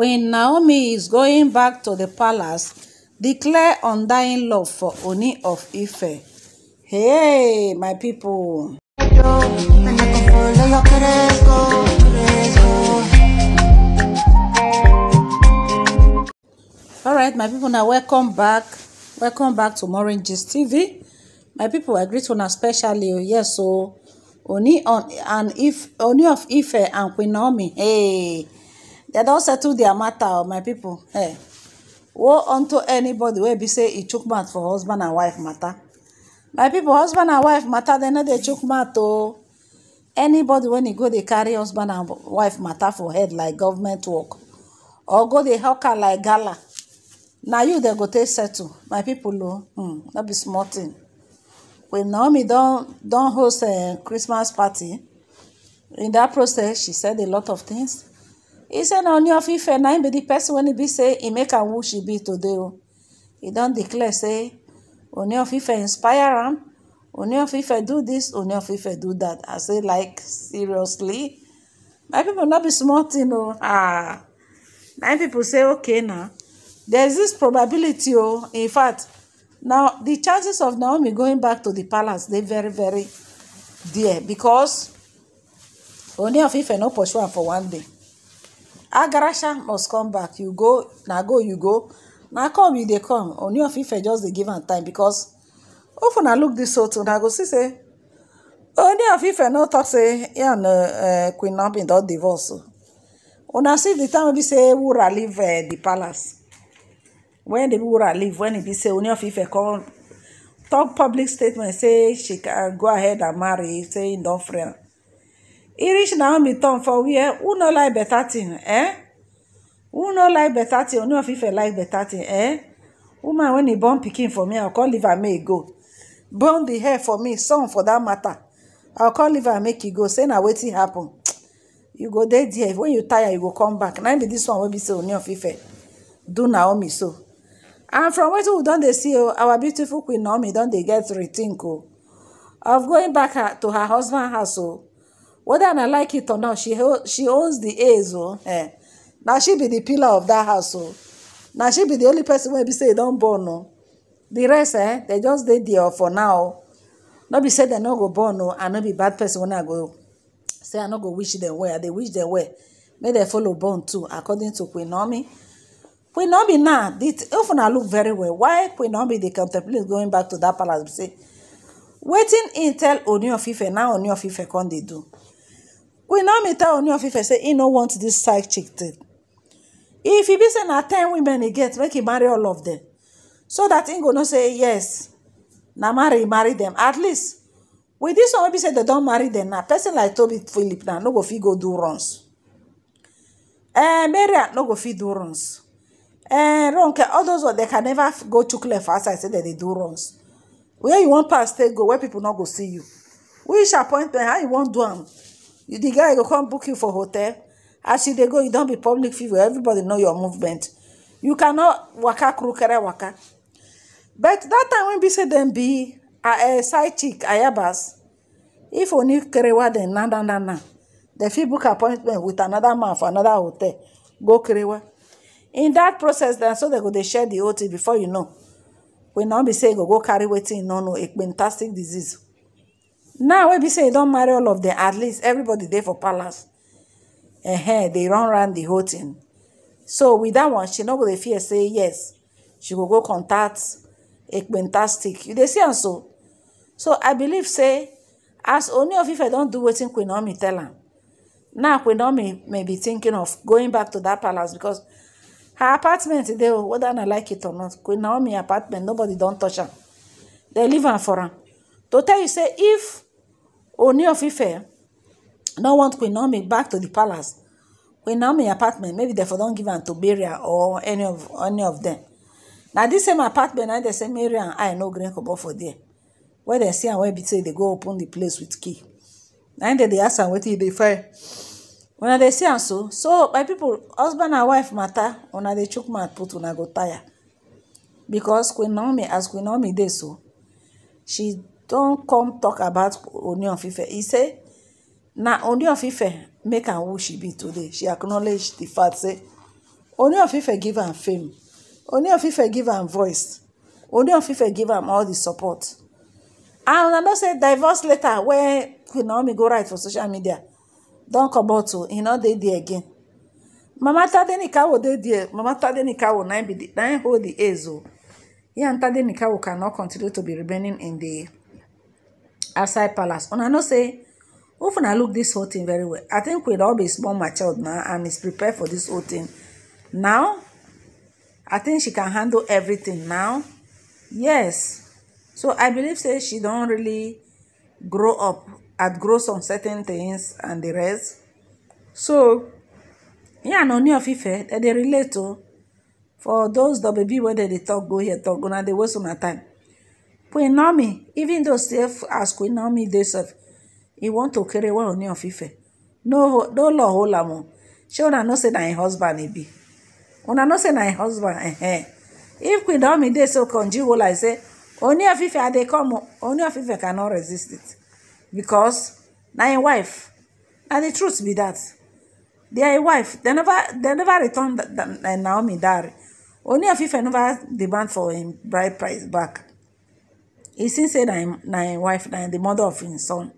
when naomi is going back to the palace declare undying love for oni of ife hey my people. all right my people Now welcome back welcome back to Maureen TV my people i greet una specially o yes so Oni on and if Oni of Ife and Queen Naomi hey They don't settle their matter oh, my people Hey, woe unto anybody where be say he chook mouth for husband and wife matter my people husband and wife matter They no dey chook mouth o oh. anybody when he go They carry husband and wife matter for head like government work or go dey hawker like gala Now you dem go take settle my people o oh, hmm no be small thing when naomi don't don't host eh, christmas party in that process she said a lot of things e say na only of ife na him be the person when he be say e make a who she be today oh. don't declare say only of I inspire him, only of ife do this, only of I do that." i say like seriously my people not be smart, you oh. know. ah na say okay now there is this probability Oh, in fact now the chances of naomi going back to the palace they're very very dear because only of ife no pursue one for one day agarasha must come back you go na go you go na come you dey come oni of ife just dey give am time because if una look dis whole thing una go see say oni of ife no talk say him and uh, uh, queen naomi don divorce o una see the time wey be say wura leave uh, the palace When di wura leave When e be say oni of ife come talk public statement say she go ahead and marry say him don free am Irish naomi turn for where who no like better thing eh who no like better thing Ooni of Ife like better thing eh woman when e born pikin for me i come leave am make e go burn the hair for me son for that matter i come leave am make e go say na wetin happen you go dey there when you tire you go come back na be this one wey be say Ooni of Ife do Naomi so and from wetin we don dey see o our beautiful Queen Naomi don dey get rethink o of going back her, to her husband house o whether I like it or not she she owns the a's o oh, eh na she be the pillar of that house o oh. na she be the only person wey be say e don born o oh. the rest eh dem just dey there for now o no be say dem no go born o I no be bad person wey i go say i no go wish dem well i dey wish dem well make dem follow born too according to queen naomi queen naomi now often i look very well why queen naomi dey contemplate going back to that palace be say wetin im tell oni of now oni of ife come dey do We now me tell oni of ife say he no want this side chick thing if he be say na ten women he get make e marry all of them, so that im go no say yes na marry marry them at least with this one wey be say they don't marry them now. person like toby philip now no go fit go do runs eh maria no go fit do runs eh ronke all those one dem can never go to clear for I say dem they do runs where you want pass take go where people not go see you which appointment how you wan do them? the guy go come book you for hotel as you dey go you don be public figure everybody know your movement you cannot waka krukere waka but that time when be say them be a uh, uh, side chick ayabas if oni kerewa dem na na na na They fit book appointment with another man for another hotel go kerewa in that process then so they go they share the whole before you know wey now be say go go carry wetin e no know a fantastic disease now wey be say don't marry all of them. at least everybody there for palace uh-huh, they run around the whole so with that one she know go dey fear say yes she will go contact It's you They see so so i believe say as only of if I do wetin queen omi tell her. now queen omi may be thinking of going back to that palace because her apartment dey oh, whether I like it or not queen naomi apartment nobody don't touch her. They leave her for her. to tell you say if oni of ife don want queen nomi back to di palace queen nomi apartment maybe dem for don give am to burial or any of any of dem na dis same apartment na any say mary and i no gree comot for there Where dem see am wey e be say dey go open di place with key na im dem dey ask am wetin e dey find una dey see am so so my pipo husband and wife matter una dey chook mouth put una go tire because queen nomi as queen nomi dey so she. don come tok about oni of e say na oni of make am who she be today she acknowledge di fact say oni of give am fame oni of give am voice oni of give am all di support and i know say divorce letter wey queen naomi go write for social media don comot to oh, e no dey there again mama tadeni kawo dey there mama tadeni kawo na im hold di ace o oh. he and tadeni kawo cannot continue to be remaining in di outside palace una no say if una look this whole thing very well i think queen all be small matured now and is prepared for this whole thing now i think she can handle everything now yes so i believe say she don't really grow up At grow some certain things and the rest so yeah no, oni of ife they relate to, oh. for those the baby wey dem talk go here talk go na dey waste my time Queen Naomi, even though safe as Queen Naomi dey serve, he want to carry one Ooni of Ife. No, no law hold am She Shey una know say na im husband e be. Una know say na im husband. Eh-eh. If Queen Naomi dey so conjugal like say, Ooni of Ife I dey come o, Ooni of cannot resist it. Because na im wife. Na the truth be that. They are wife. They never, they never return that the, eh, the Naomi dowry. Ooni of Ife never demand for im bride price back. He still say my wife, na the mother of his son.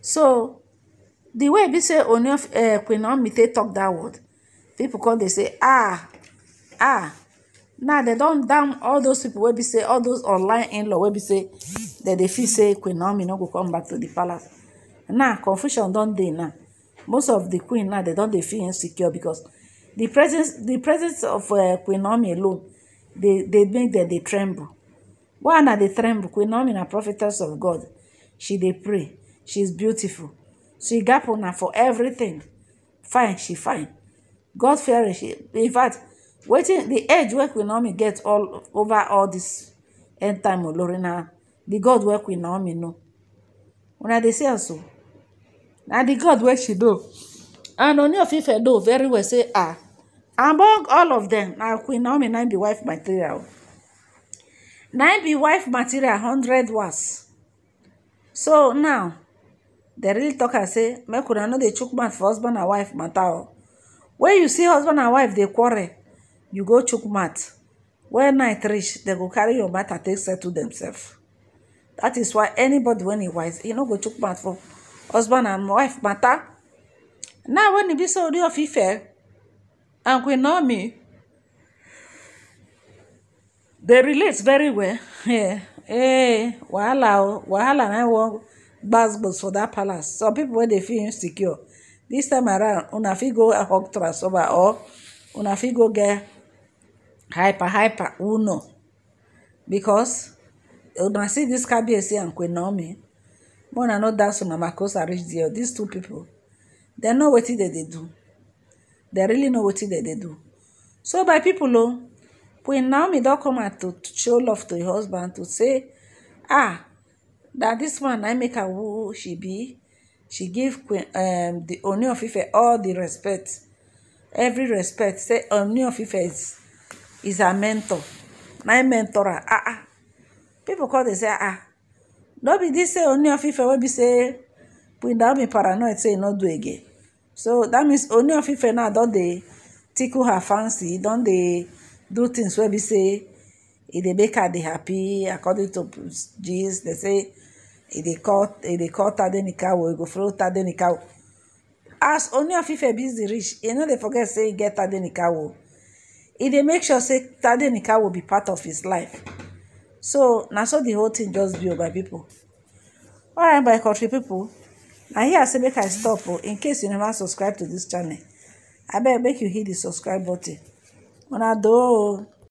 So, the way we say Ooni of uh, Queen Naomi take talk that word, people come they say, ah, ah. Now nah, they don't damn all those people wey say, all those online in-law wey say, that they feel say Queen Naomi no go come back to the palace. Now, nah, confusion don't dey now. Nah. Most of the queen now, nah, they not they feel insecure because the presence the presence of uh, Queen Naomi alone, they, they make them, they tremble. Bohana the tremble. Queen Naomi na prophetess of God. She dey pray. She's beautiful. She gap una for everything. Fine, she fine. God fearing. She in fact, waiting the edge where Queen Naomi get all over all this end time olori na the God wey Queen Naomi know. Una dey say am so. Na the God wey she do, And only of Ife do very well say ah among all of them now Queen Naomi na be wife material na be wife material hundred words. so now dem really tok am say make una know they chook mouth for husband and wife matter o oh. when you see husband and wife they quarrel you go chook mouth when night reach they go carry your matter take settle themselves that is why anybody when he wise he no go chook mouth for husband and wife matter now when he be so do of ife and queen me." they relate very well yeah. hey, eh, wahala wahala na wan gbasgbos for that palace some people wey dey feel insecure This time around una fit go hug transformer or una fit go get hyper hyper who know because una see dis kabiyesi and queen naomi more una no dance una makosa reach deal. these two people they know wetin dem dey do They really know wetin dem dey do so by people o. Oh, Queen Naomi don't come out to show love to her husband to say ah that this man I make her who she be she give queen um, the Ooni of Ife all the respect every respect say Ooni of Ife is, is her mentor my mentor ah ah people call they say ah, ah no be this say Ooni of Ife wey be say Queen Naomi paranoid say e no do again so that means Ooni of Ife now don't they tickle her fancy Don't they? do things wey be say e dey make her dey happy according to Jesus. dem say e dey call e dey call tade nikawo e go follow tade nikawo as Ooni of Ife busy reach e no dey forget say e get tade nikawo e dey make sure say tade nikawo be part of his life so na so the whole thing just be o my people right, my country people na here i say make i stop o in case you never subscribe to this channel abeg make you hit the subscribe button morador